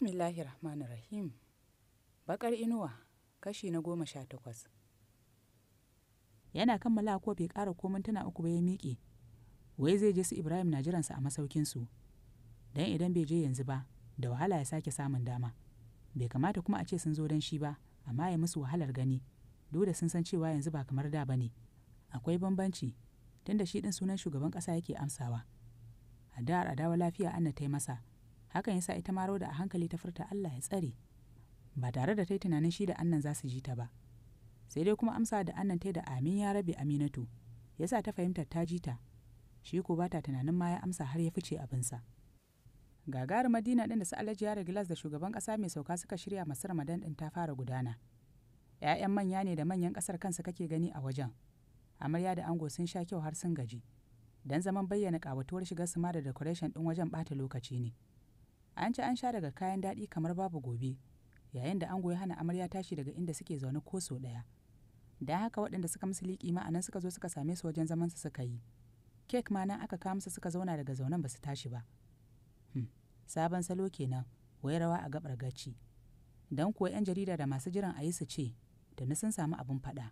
bismillahir rahmanir rahim bakar inuwa kashi na goma sha takwas yana kammala ko bai ƙara ko mintuna uku ba ya miƙe wai zai je su ibrahim na jiransa a masaukinsu Dan idan bai je yanzu ba da wahala ya sake samun dama bai kamata kuma a ce sun zo don shi ba amma ya musu wahalar gani duk sun san cewa yanzu ba kamar da ba ne akwai bambanci tunda shi ɗin sunan shugaban ƙasa yake amsawa A da'ar adawa lafiya an na masa hakan ya sa ita ma da a hankali ta furta Allah ya tsare ba tare da ta yi tunanin shi da annan za su ji ta ba sai dai kuma amsa da annan ta da amin ya rabe aminatu ya sa ta fahimtar ta ji ta shi ko ba ta tunanin ma ya amsa har ya fice abinsa gagarin madina din da su alhaji yare gilas da shugaban kasa mai sauka suka shirya masu ramadan din ta fara gudana 'ya'yan manya ne da manyan kasar kansa kake gani a wajen amarya da ango sun sha kyau har sun gaji don zaman bayyana ƙawatuwar shigar su ma da decoration ɗin wajen ɓata lokaci ne. an ci an sha daga kayan daɗi kamar babu gobe yayin da ango ya hana amarya tashi daga inda suke zaune ko so ɗaya da haka waɗanda suka musu liƙi ma'anan suka zo suka same su wajen zaman su suka yi kek ma nan aka kawo musu suka zauna daga zaunen ba su tashi ba hmm, sabon salo kenan wai rawa a gabar gaci don kuwa 'yan jarida da masu jiran a yi su ce da na sun samu abin faɗa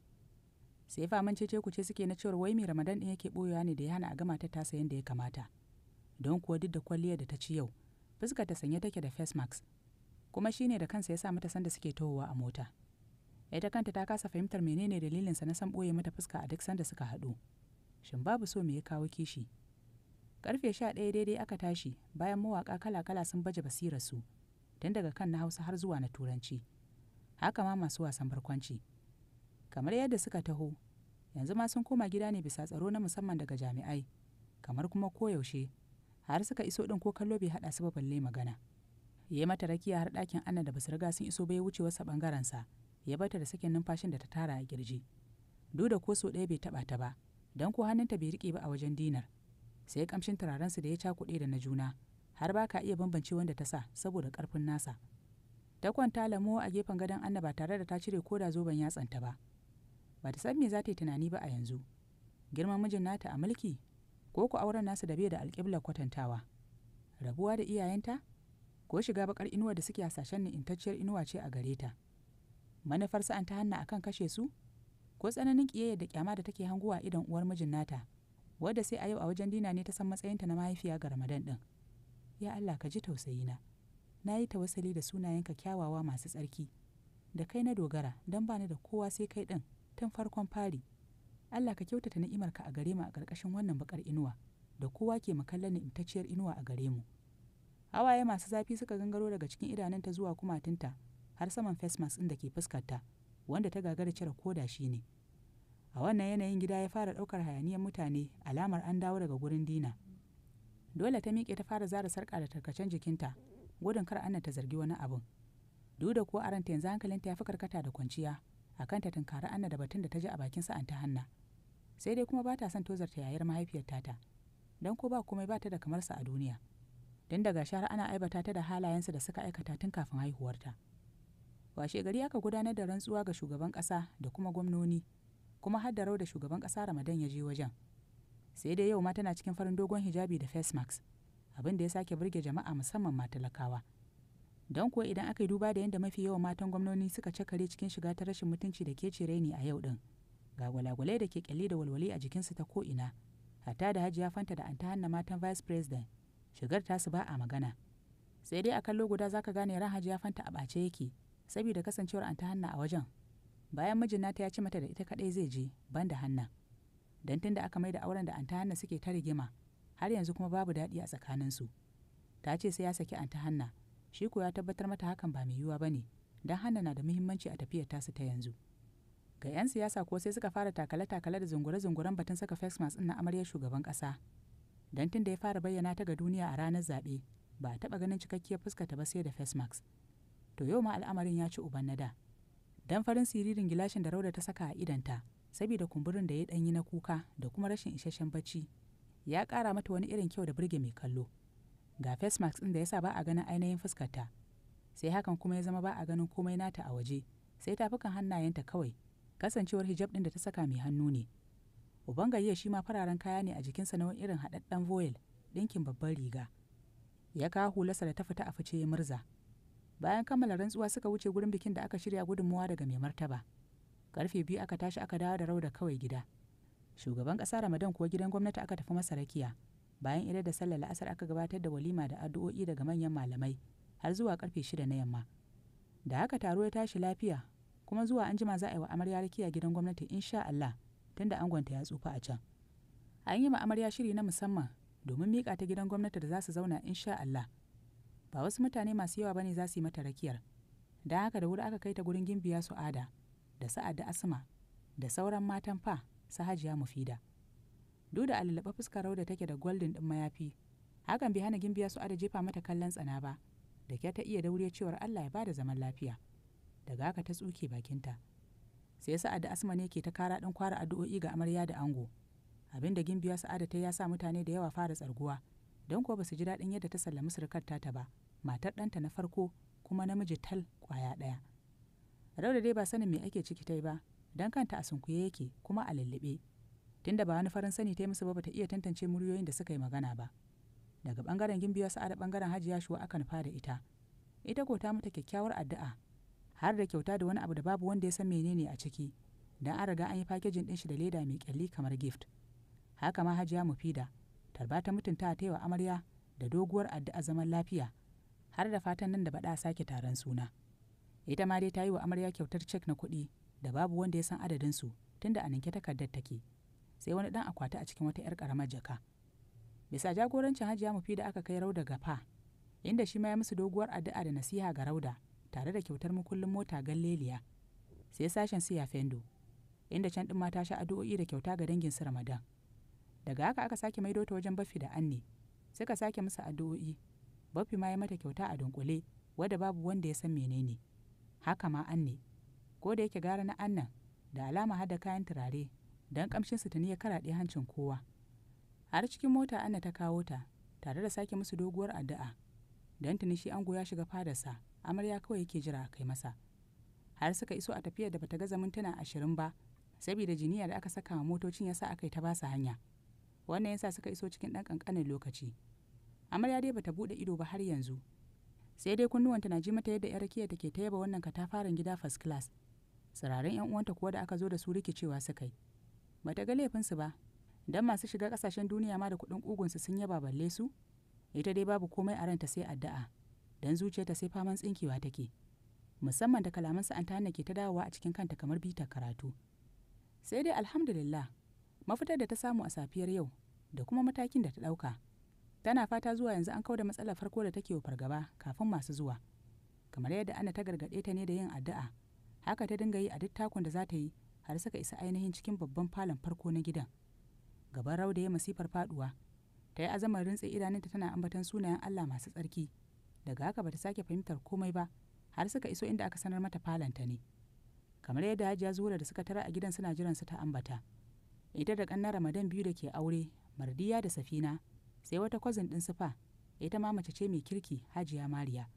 sai faman cece ce suke na cewar wai mai ramadan ɗin yake ɓoyewa ne da ya hana a gama ta tasa yadda ya kamata don kuwa duk da kwalliyar da ta ci yau fuskar ta sanye take da face mask kuma ne da kansa ya sa mata sanda suke tohowa a mota ita kanta ta kasa fahimtar menene dalilinsa na san ɓoye mata fuska a duk sanda suka haɗu shin babu so me ya kawo kishi karfe sha ɗaya daidai aka tashi bayan mawaƙa kala-kala sun baje basirar su tun daga kan na hausa har zuwa na turanci haka ma masu wasan barkwanci kamar yadda suka taho yanzu ma sun koma gida ne bisa tsaro na musamman daga jami'ai kamar kuma koyaushe har suka iso ɗin ko kallo bai haɗa su ba balle magana ya yi mata rakiya har ɗakin anna da basu riga sun iso bai wucewa wuce wasa ɓangarensa ya bata da sakin numfashin da ta tara a girji duk da ko sau ɗaya bai taɓa ta ba don ko hannunta bai riƙe ba a wajen dinar sai kamshin su da ya cakuɗe da na juna har ba ka iya bambance wanda ta sa saboda ƙarfin nasa ta kwanta lamo a gefen gadon anna ba tare da ta cire ko da zoben yatsanta ba ba ta san me za ta yi tunani ba a yanzu girman mijin nata a mulki ko ku auren nasu da bai da alƙiblar kwatantawa rabuwa da iyayenta ko shiga bakar inuwa da suke hasashen ni intacciyar inuwa ce a gare ta manufar sa'an ta hanna akan kashe su ko tsananin kiyaye da kyama da take hanguwa idan uwar mijin nata wadda sai a yau a wajen dina ne ta san matsayinta na mahaifiya ga ramadan din ya allah ka ji tausayina na yi tawassali da sunayenka kyawawa masu tsarki da kai na dogara don bani da kowa sai kai din tun farkon fari Allah ka kyautata ni'imarka a gare mu a ƙarƙashin wannan bakar inuwa da kowa ke makallan ni'imtacciyar inuwa a gare mu hawaye masu zafi suka gangaro daga cikin idanunta zuwa kumatunta har saman face mask ɗin da ke fuskarta wanda ta gagara cire koda shi ne a wannan yanayin gida ya fara ɗaukar hayaniyar mutane alamar an dawo daga gurin dina dole ta miƙe ta fara zara sarƙa da tarkacen jikinta gudun kar ana ta zargi wani abun duk da ko aranta yanzu hankalinta ya fi karkata da kwanciya a kan ta tunkari Anna da batun da ta ji a bakin ta Hanna. Sai dai kuma ba ta son tozarta yayar mahaifiyar tata, don ko ba komai ba ta da kamarsa a duniya. Don daga shara ana aibata ta da halayensu da suka aikata tun kafin haihuwarta. Washe gari aka gudanar da rantsuwa ga shugaban ƙasa da kuma gwamnoni, kuma har da rau da shugaban ƙasa Ramadan ya je wajen. Sai dai yau ma tana cikin farin dogon hijabi da face mask, abin da ya sake burge jama'a musamman ma talakawa. don kuwa idan aka yi duba da yadda mafi yawan matan gwamnoni suka cakare cikin shiga ta rashin mutunci da ke cire ni a yau din ga gwalagwale da ke kyalle da walwale a jikinsu ta ko ina, hatta da hajiya fanta da an ta hanna matan vice president shigar ta su ba a magana sai dai a kallo guda za ka gane ran hajiya fanta a ɓace yake saboda kasancewar an ta hanna a wajen bayan mijin nata ya ci mata da ita kaɗai zai je ban da hanna don tun da aka mai da auren da an ta hanna suke ta rigima har yanzu kuma babu daɗi a tsakaninsu ta ce sai ya saki an ta hanna shi ko ya tabbatar mata hakan ba mai yiwuwa ba ne don hana na da muhimmanci a tafiyar tasu ta yanzu ga 'yan siyasa ko sai suka fara takale-takale da zungure-zunguren batun saka face mask na amaryar shugaban kasa. don tun da ya fara bayyana ta ga duniya a ranar zaɓe ba a taɓa ganin cikakkiyar ta ba sai da face mask to yau ma al'amarin ya ci uban na da dan farin siririn gilashin da rauda ta saka a idanta saboda kumburin da ya ɗanyi na kuka da kuma rashin isasshen bacci ya ƙara mata wani irin kyau da burge mai kallo ga face mask ɗin da yasa ba a ganin ainihin fuskarta sai hakan kuma ya zama ba a ganin komai nata a waje sai ta tafukan hannayenta kawai kasancewar hijab ɗin da ta saka mai hannu ne gayya shi ma fararen kaya ne a jikinsa na wani irin haɗaɗɗen voyel ɗinkin babban riga ya kawo hularsa da ta fita a fice ya murza bayan kammala rantsuwa suka wuce gurin bikin da aka shirya gudunmuwa daga mai martaba karfe biyu aka tashi aka dawo da da kawai gida shugaban ƙasa ramadan kuwa gidan gwamnati aka tafi masa rakiya bayan idar da sallar la'asar aka gabatar da walima da addu'o'i daga manyan malamai har zuwa karfe shida na yamma da haka taro ya tashi lafiya kuma zuwa anjima jima za a yi wa amarya rakiya gidan gwamnati insha Allah tunda angonta ya tsufa a can an yi ma amarya shiri na musamman domin miƙa ta gidan gwamnati da za su zauna insha Allah ba wasu mutane masu yawa bane za su yi mata rakiyar don haka da wuri aka kai ta gurin gimbiya su ada da sa'ad da asma da sauran matan fa su hajiya mufida duk da alalaba fuskar rauda take da goldin ɗin mayafi hakan bai hana gimbiya su ada jefa mata kallon tsana ba da ke ta iya daure cewar allah ya bada zaman lafiya daga haka ta tsuke bakinta sai sa'ad da asma ne ke ta kara dan kwara addu'o'i ga amarya da ango abin da gimbiya sa'ada ta ya sa mutane da yawa fara tsarguwa don kuwa ba su ji daɗin yadda ta sallami surukar ta ba matar ɗanta na farko kuma namiji tal ƙwaya ɗaya rauda dai ba sanin me ake ciki tai ba don kanta a sunkuye yake kuma a lullube tunda ba wani farin sani ta yi musu ba bata iya tantance muryoyin da suka yi magana ba daga bangaren wasu sa'ada bangaren hajiya shuwa akan fada ita ita ko ta mata kyakkyawar addu'a har da kyauta da wani abu da babu wanda ya san menene a ciki dan an riga an yi fakejin din shi da leda mai kyalli kamar gift haka ma hajiya mufida tarba ta mutunta ta wa amarya da doguwar addu'a zaman lafiya har da fatan nan da baɗa sake taron suna ita ma dai ta yi wa amarya kyautar cek na kuɗi da babu wanda ya san adadinsu tunda a ninke takardar take sai wani dan akwati a cikin wata 'yar ƙaramar jaka bisa jagorancin hajiya mufi da aka kai rauda gafa inda shi ma ya musu doguwar addu'a da nasiha ga rauda tare da kyautar mukullin mota galleliya sai sashen siya fendo inda can ɗin mata sha addu'o'i da kyauta ga dangin su ramadan daga haka aka sake maido ta wajen bafi da anne suka sake musu addu'o'i Bafi ma ya mata kyauta a dunkule wadda babu wanda ya san menene haka ma anne ko da yake gara na annan da alama hada kayan turare don kamshin ta ni ya ɗaya hancin kowa har cikin mota ana ta kawo ta tare da sake musu doguwar addu'a don tuni shi ango ya shiga fadarsa amarya kawai yake jira kai masa har suka iso a tafiyar da bata gaza mintuna ashirin ba saboda jiniya da aka saka wa motocin yasa aka yi ta basa hanya wannan yasa suka iso cikin ɗan ƙanƙanin lokaci amarya dai bata buɗe ido ba har yanzu sai dai kunnuwanta na ji mata yadda yar rakiya take ta yaba wannan katafaren gida first class sararin yan uwanta kuwa da aka zo da su rikicewa suka yi ba ta ga laifinsu ba don masu shiga kasashen duniya ma da kuɗin ƙugunsu sun yaba balle su ita dai babu komai a ranta sai addu'a don zuciyarta sai faman tsinkewa take musamman da kalamansa an ta ke ta dawowa a cikin kanta kamar bitar karatu sai dai alhamdulillah mafitar da ta samu a safiyar yau da kuma matakin da ta ɗauka tana fata zuwa yanzu an da matsalar farko da take fargaba kafin masu zuwa kamar yadda ana ta gargaɗe ta ne da yin addu'a haka ta dinga yi a duk takun da za ta yi har suka isa ainihin cikin babban falon farko na gidan gaban rauda ya masifar faduwa ta yi azamar rintse idanunta tana ambaton sunayen allah masu tsarki daga haka bata sake fahimtar komai ba har suka iso inda aka sanar mata falonta ne kamar yadda hajiya zuwa da suka tara a gidan suna jiran su ta ambata ita da ƙannan ramadan biyu da ke aure mardiya da safina sai wata kwazin ɗin sufa ita ma mace ce mai kirki hajiya mariya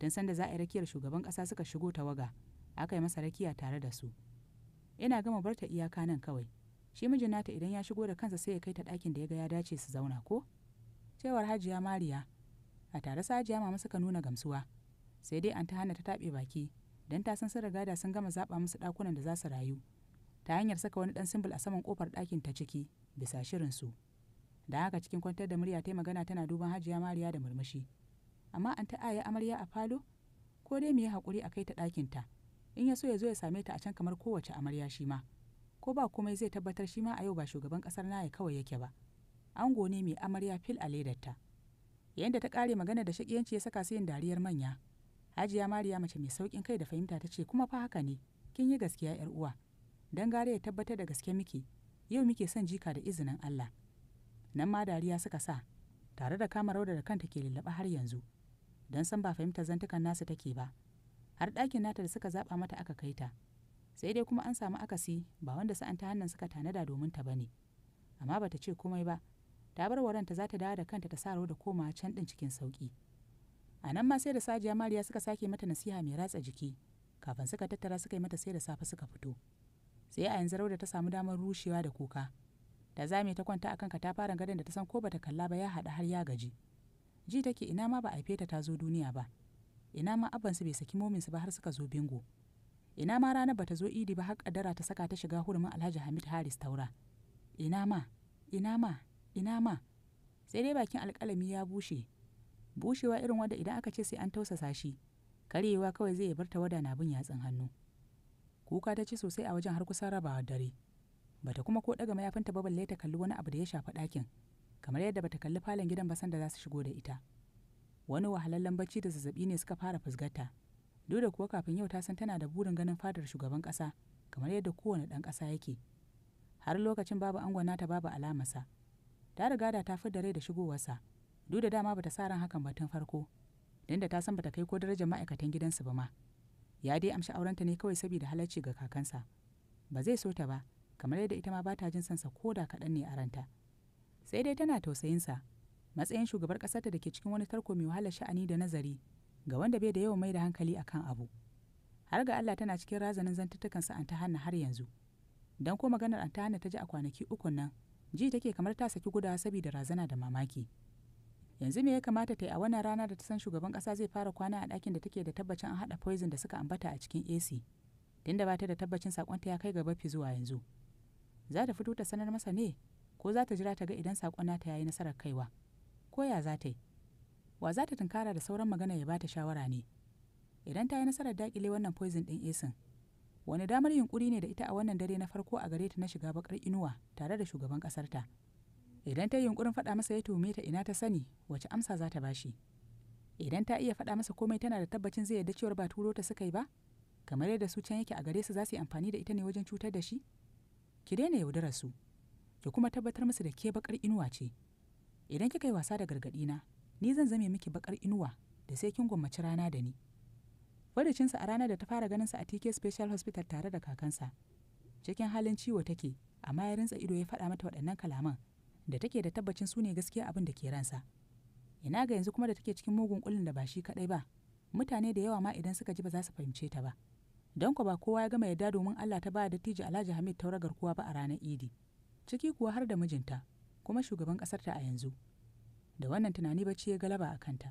don sanda za a yi rakiyar shugaban ƙasa suka shigo tawaga aka yi masa rakiya tare da su yana gama barta iyaka nan kawai shi mijin nata idan ya shigo da kansa sai ya kai ta ɗakin da ya ga ya dace su zauna ko cewar hajiya mariya a tare sa hajiya mama suka nuna gamsuwa sai dai an ta hana ta taɓe baki don ta san sun riga da sun gama zaɓa musu ɗakunan da za su rayu ta hanyar saka wani ɗan simbul a saman ƙofar ɗakin ta ciki bisa shirin su da haka cikin kwantar da murya ta magana tana duban hajiya mariya da murmushi amma an ta aya amarya a falo ko dai mu yi haƙuri a kai ta ɗakinta. ta in ya so ya zo ya same ta a can kamar kowace amarya shi ma ko ba komai zai tabbatar shi ma a yau ba shugaban kasar naya kawai yake ba ango ne mai amarya fil a ledarta yayin da ta kare magana da shakiyanci ya saka sayin dariyar manya hajiya mariya mace mai saukin kai da fahimta ta ce kuma fa haka ne kin yi gaskiya yar uwa dan gare ya tabbatar da gaske miki yau muke son jika da izinin Allah nan ma dariya suka sa tare da kama rauda da kanta ke lullaba har yanzu don san ba fahimtar zantukan nasu take ba har ɗakin nata da suka zaɓa mata aka kai ta sai dai kuma an samu akasi ba wanda sa'an ta hannun suka tanada domin ta bane amma bata ce komai ba ta bar waranta za ta dawo da kanta ta saro da komawa can ɗin cikin sauƙi a nan ma sai da sajiya mariya suka sake mata nasiha mai ratsa jiki kafin suka tattara suka yi mata sai da safe suka fito sai a yanzu rauda ta samu damar rushewa da kuka da zame ta kwanta akan fara gadon da ta san ko bata kalla ba ya haɗa har ya gaji ji take ina ma ba a ta ta zo duniya ba ina ma abansu bai saki mominsu ba har suka zo bingo ina ma ranar bata zo idi ba har kaddara ta saka ta shiga hurumin alhaji hamid haris taura ina ma ina ma ina ma sai dai bakin alkalami ya bushe bushewa irin wanda idan aka ce sai an tausasa shi karyewa kawai zai bar ta wada na bin yatsun hannu kuka ta ci sosai a wajen har kusan rabawa dare bata kuma ko daga mayafinta ba balle ta kalli wani abu da ya shafi ɗakin kamar yadda bata kalli falon gidan ba sanda za su shigo da ita wani wahalallen bacci da zazzabi ne suka fara fusgata duk da kuwa kafin yau ta san tana da burin ganin fadar shugaban ƙasa kamar yadda kowane ɗan ƙasa yake har lokacin babu angon nata babu alamarsa ta riga da ta fi da rai da shigowarsa duk da dama bata sa ran hakan ba tun farko don da ta san bata kai ko darajar ma'aikatan gidansu ba ma ya dai amshi aurenta ne kawai saboda halarci ga kakansa ba zai so ta ba kamar yadda ita ma bata jin sansa ko da kaɗan ne a ranta sai dai tana tausayinsa matsayin shugabar ƙasarta da ke cikin wani tarko mai wahalar sha'ani da nazari ga wanda bai da yawan mai da hankali akan abu har ga Allah tana cikin razanin zantuttukan sa ta hanna har yanzu dan ko maganar anta hanna ta ji a kwanaki uku nan ji take kamar ta saki gudawa saboda razana da mamaki yanzu me ya kamata ta yi a wannan rana da ta san shugaban ƙasa zai fara kwana a ɗakin da take da tabbacin an haɗa poison da suka ambata a cikin AC tunda ba ta da tabbacin saƙonta ya kai gaba fi zuwa yanzu za ta fito ta sanar masa ne ko za ta jira ta ga idan sakon nata yayi nasarar kaiwa Koya ya za ta yi wa za ta tunkara da sauran magana ya bata shawara ne idan ta yi nasarar dakile wannan poison ɗin esin wani damar yunkuri ne da ita a wannan dare na farko a gare ta na shiga bakar inuwa tare da shugaban ta? idan ta yi yunkurin faɗa masa ya tume ta ina ta sani wace amsa za ta bashi idan ta iya faɗa masa komai tana da tabbacin zai yarda cewar ba turo ta suka yi ba kamar yadda su can yake a gare su za su yi amfani da ita ne wajen cutar da shi ki daina yaudarar su ki kuma tabbatar musu da ke bakar inuwa ce idan kika yi wasa da gargaɗina ni zan zame miki bakar inuwa da sai kin gwammaci rana da ni faricinsa a ranar da ta fara ganin sa a tk special hospital tare da kakansa cikin halin ciwo take amma ya rinsa ido ya faɗa mata waɗannan kalaman da take da tabbacin su ne gaskiya abin da ke ransa ina ga yanzu kuma da take cikin mugun kullun da ba shi kaɗai ba mutane da yawa ma idan suka ji ba za su fahimce ta ba don ku ba kowa ya gama yarda domin allah ta ba da alhaji hamid taura garkuwa ba a ranar idi ciki kuwa har da mijinta kuma shugaban ƙasarta a yanzu da wannan tunani bacci ya galaba a kanta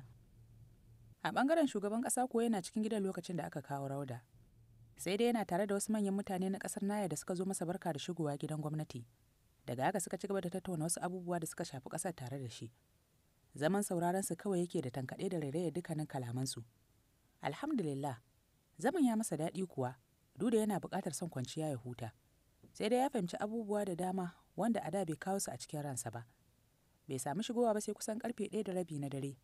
a ɓangaren shugaban ƙasa kuwa yana cikin gidan lokacin da aka kawo rauda sai dai yana tare da wasu manyan mutane na ƙasar naya da suka zo masa barka da shigowa gidan gwamnati daga haka suka ci gaba da tattauna wasu abubuwa da suka shafi ƙasar tare da shi zaman sauraron su kawai yake da tankaɗe da rairayar dukkanin kalamansu alhamdulillah zaman ya masa daɗi kuwa duda yana buƙatar son kwanciya ya huta sai dai ya fahimci abubuwa da dama wanda a da bai kawo su a cikin ransa ba bai samu shigowa ba sai kusan karfe ɗaya da rabi na dare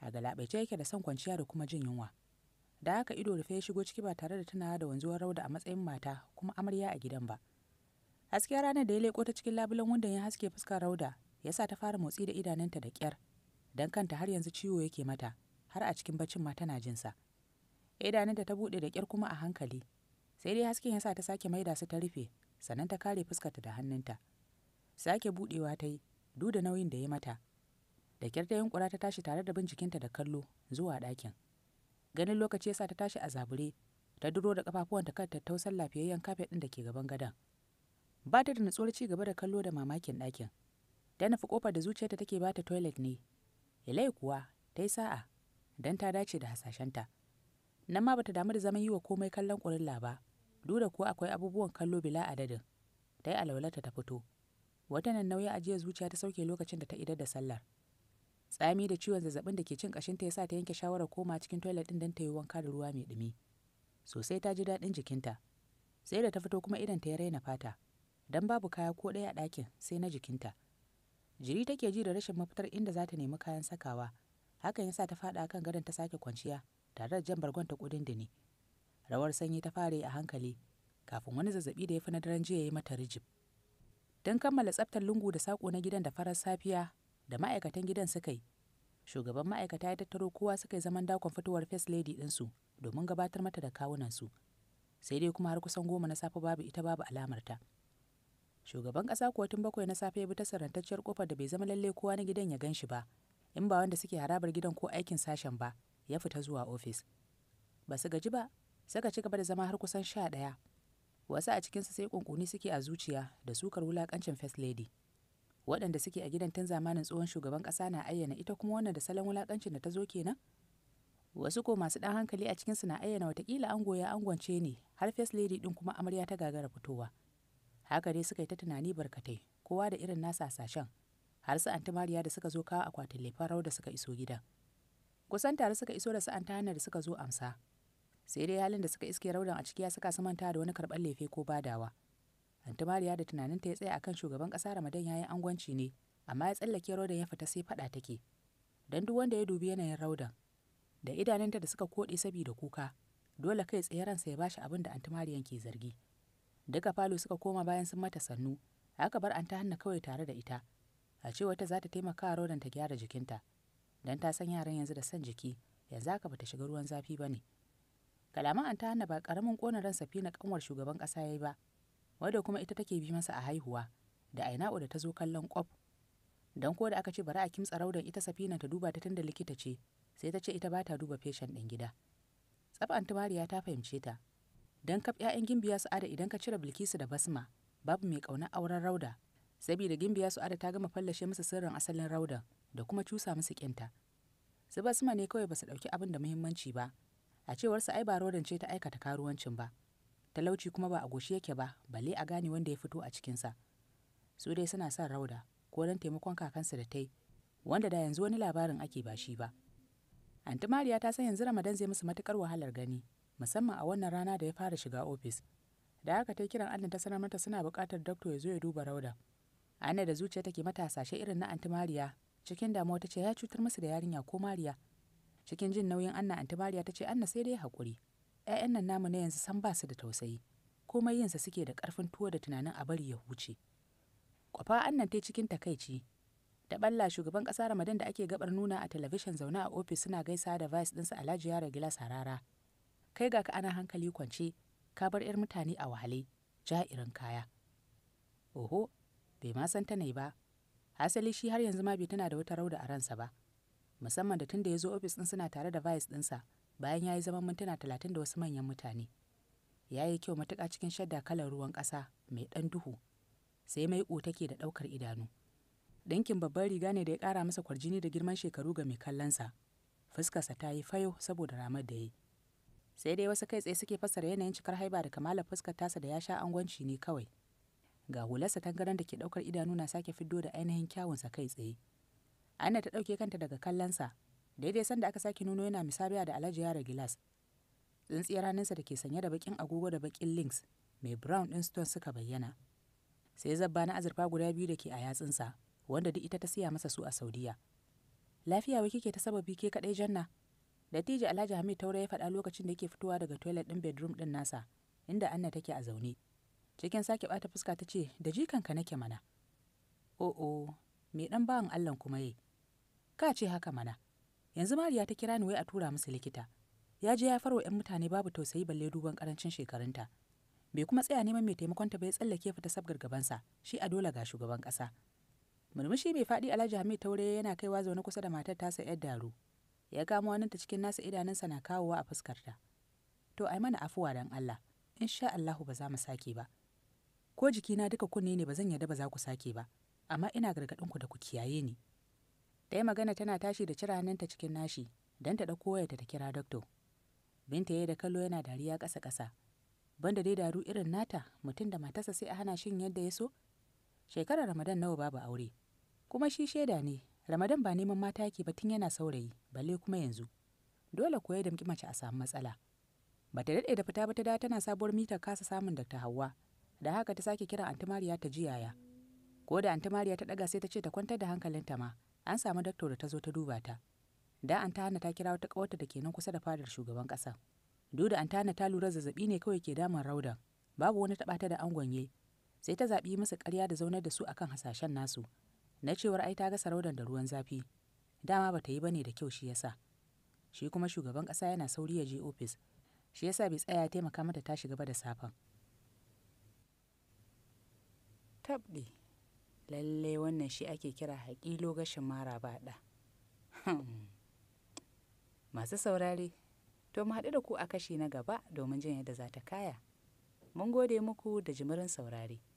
a galabaice yake da son kwanciya da kuma jin yunwa da haka ido rufe ya shigo ciki ba tare da tunawa da wanzuwar rauda a matsayin mata kuma amarya a gidan ba hasken ranar da ya leko ta cikin labulen wanda ya haske fuskar rauda ya sa ta fara motsi da idanunta da kyar don kanta har yanzu ciwo yake mata har a cikin baccin ma tana jinsa idanunta ta buɗe da kyar kuma a hankali sai dai hasken ya sa ta sake maida su ta rufe sannan ta kare fuskarta da hannunta sake budewa ta yi duk da nauyin da ya mata da kyar ta yunkura ta tashi tare da bincikinta da kallo zuwa ɗakin ganin lokaci ya sa ta tashi a zabure ta duro da kafafuwanta kan tattausan lafiyayyen kafet ɗin da ke gaban gadon ba ta da nutsuwar ci gaba da kallo da mamakin ɗakin ta nufi kofar da zuciyarta take ba ta toilet ne ilai kuwa ta yi sa'a Dan ta dace da hasashenta nan ma bata damu da zaman yi wa komai kallon ƙurilla ba duk da kuwa akwai abubuwan kallo bila adadin ta yi ta ta fito wata nauyi nauyin jiya zuciya ta sauke lokacin da ta idar da sallar tsami da ciwon zazzabin da ke cin ƙashinta ya sa ta yanke shawarar koma cikin toilet ɗin don ta yi wanka da ruwa mai ɗumi sosai ta ji daɗin jikinta sai da ta fito kuma idan ta ya raina fata don babu kaya ko ɗaya a ɗakin sai na jikinta jiri take ji da rashin mafitar inda za ta nemi kayan sakawa hakan ya sa ta faɗa kan gadon ta sake kwanciya tare da jan bargon ta kudin dini rawar sanyi ta fara a hankali kafin wani zazzabi da ya fi na daren jiya ya mata rijib don kammala tsaftar lungu da saƙo na gidan da farar safiya da ma'aikatan gidan suka yi shugaban ma'aikata ya tattaro kowa suka yi zaman dakon fitowar first lady ɗinsu domin gabatar mata da kawunansu sai dai kuma har kusan goma na safe babu ita babu alamarta shugaban ƙasa kuwa tun bakwai na safe ya bi ta sarantacciyar kofar da bai zama lalle kowa na gidan ya gan shi ba in ba wanda suke harabar gidan ko aikin sashen ba ya fita zuwa ofis ba su gaji ba suka ci gaba da zama har kusan sha ɗaya wasu a cikinsu sai kunkuni suke a zuciya da sukar wulakancin first lady waɗanda suke a gidan tun zamanin tsohon shugaban ƙasa na ayyana ita kuma wannan da salon wulakancin da ta zo kenan wasu ko masu ɗan hankali a cikinsu na ayyana watakila ango ya angonce ne har first lady ɗin kuma amarya ta gagara fitowa haka dai suka yi ta tunani barkatai kowa da irin nasa sashen har su anti mariya da suka zo kawo akwatin lefarau da suka iso gidan kusan tare suka iso da su Anta hanyar da suka zo amsa sai dai halin da suka iske raudan a ciki ya saka da wani karɓar lefe ko badawa antimariya da tunaninta ya tsaya akan shugaban ƙasa ramadan ya yayin angwanci ne amma ya tsallake raudan ya fita sai faɗa take don duk wanda ya dubi yanayin raudan da idanunta da suka koɗe saboda kuka dole kai tsaye ransa ya bashi abin da antimariyan ke zargi duka falo suka koma bayan sun mata sannu aka bar an ta hanna kawai tare da ita a ce wata za ta taimaka a ta gyara jikinta don ta san yaran yanzu da san jiki yanzu aka bata shiga ruwan zafi ba ne. kalaman an ta hanna ba karamin ƙona ran safina kanwar shugaban ƙasa yayi ba wadda kuma ita take bi masa a haihuwa da aina'u da ta zo kallon kwaf don ko da aka ce bari a kimtsa raudan ita safina ta duba ta tunda likita ce sai ta ce ita ba ta duba feshan ɗin gida tsaf antimariya ta fahimce ta don kaf 'ya'yan gimbiya su su'ada idan ka cire bilkisu da basma babu mai kauna auren rauda saboda gimbiya su su'ada ta gama fallashe musu sirrin asalin raudan da kuma cusa musu kinta su basma ne kawai ba su ɗauki abin da muhimmanci ba a cewar sa ai ba rodan ce ta aikata karuwancin ba talauci kuma ba a goshi yake ba balle a gane wanda ya fito a sa su dai suna son rauda ko don taimakon kakansa da ta wanda da yanzu wani labarin ake ba shi ba anti mariya ta san yanzu ramadan zai musu matukar wahalar gani musamman a wannan rana da ya fara shiga ofis da haka ta kiran annan ta sanar mata suna buƙatar doctor ya zo ya duba rauda ana da zuciya take mata hasashe irin na anti mariya cikin damuwa ta ce ya cutar musu da yarinya ko mariya cikin jin nauyin anna antibariya ta ce anna sai dai haƙuri 'ya'yan nan namu na yanzu san ba su da tausayi komai yinsa suke da ƙarfin tuwo da tunanin a bari ya huce kwafa annan ta cikin takaici da balla shugaban ƙasa ramadan da ake gabar nuna a talabishin zaune a ofis suna gaisa da vice ɗinsa alhaji yaro gilas harara kai ga ka ana hankali kwance ka bar 'yar mutane a wahale ja'irin kaya oho bai ma san ta ne ba Asali shi har yanzu ma bai tana da wata rauda a ransa ba musamman da tun da ya zo ofis ɗin suna tare da vice ɗinsa bayan ya yi zaman mintuna talatin da wasu manyan mutane ya yi kyau matuka cikin shadda kalar ruwan ƙasa mai ɗan duhu sai mai take da ɗaukar idanu ɗinkin babban riga ne da ya ƙara masa kwarjini da girman shekaru ga mai kallonsa fuskarsa ta yi fayo saboda ramar da ya yi sai dai wasu kai tsaye suke fassara yanayin cikar haiba da kamala fuskar tasa da ya sha angwanci ne kawai ga hularsa tangaran da ke ɗaukar idanu na sake fiddo da ainihin kyawunsa kai tsaye Anna ta ɗauke kanta daga kallonsa daidai sanda aka sake nuno yana misabiya da Alhaji Yara Gilas. Tsintsiyar hannunsa da ke sanye da bakin agogo da bakin links mai brown ɗin stone suka bayyana. Sai zabba na azurfa guda biyu da ke a yatsunsa wanda duk ita ta siya masa su a Saudiya. Lafiya wai kike ta sababi ke kaɗai janna? Dattijo Alhaji Hamid Taura ya faɗa lokacin da yake fitowa daga toilet ɗin bedroom ɗin nasa inda Anna ke a zaune. Cikin sake ɓata fuska ta ce da jikanka nake mana. O'o, oh, oh, me ɗan bawan Allah kuma yi. ka ce haka mana yanzu mariya ta kira ni wai a tura musu likita ya je ya farwa 'yan mutane babu tausayi balle duban karancin shekarunta bai kuma tsaya neman mai taimakon ta bai tsallake fita sabgar gabansa shi a dole ga shugaban kasa murmushi mai faɗi alhaji hamid taure yana kaiwa zaune kusa da matar tasa yar daro ya kama ta cikin nasa idanunsa na kawowa a fuskarta to ai mana afuwa dan allah insha allahu ba za mu sake ba ko jikina duka kunne ne ba zan yarda ba za ku sake ba amma ina gargaɗin ku da ku kiyaye ni ta magana tana tashi da cira hannunta cikin nashi don ta ɗauko wayarta ta kira dokto binta ya da kallo yana dariya ƙasa ƙasa banda dai daru irin nata mutum da matarsa sai a hana shin yadda ya so shekarar ramadan nawa babu aure kuma shi shaida ne ramadan ba neman mata yake ba tun yana saurayi balle kuma yanzu dole ko ya damƙi mace a samu matsala ba ta daɗe da fita ba ta da tana sabuwar mita kasa samun dakta hawa da haka ta sake kiran antimariya ta jiyaya ko da antimariya ta ɗaga sai ta ce ta kwantar da hankalinta ma an samu dakto da ta zo ta duba ta da an ta hana ta kira wata kawarta da ke nan kusa da fadar shugaban kasa duk da an ta hana ta lura zazzabi ne kawai ke damun raudan babu wani taɓata da angonye sai ta zaɓi masa ƙarya da zaunar da su akan hasashen nasu na cewar ai ta ga saraudan da ruwan zafi dama ba ta yi bane da kyau shi yasa shi kuma shugaban ƙasa yana sauri ya je ofis shi yasa bai tsaya taimaka mata ta shiga ba da safen Tabbi. Lallai wannan shi ake kira haƙilo gashin mara ba ɗa. Masu saurare, to mu haɗu da ku a kashi na gaba domin jin yadda za ta kaya. Mun gode muku da jimirin saurare.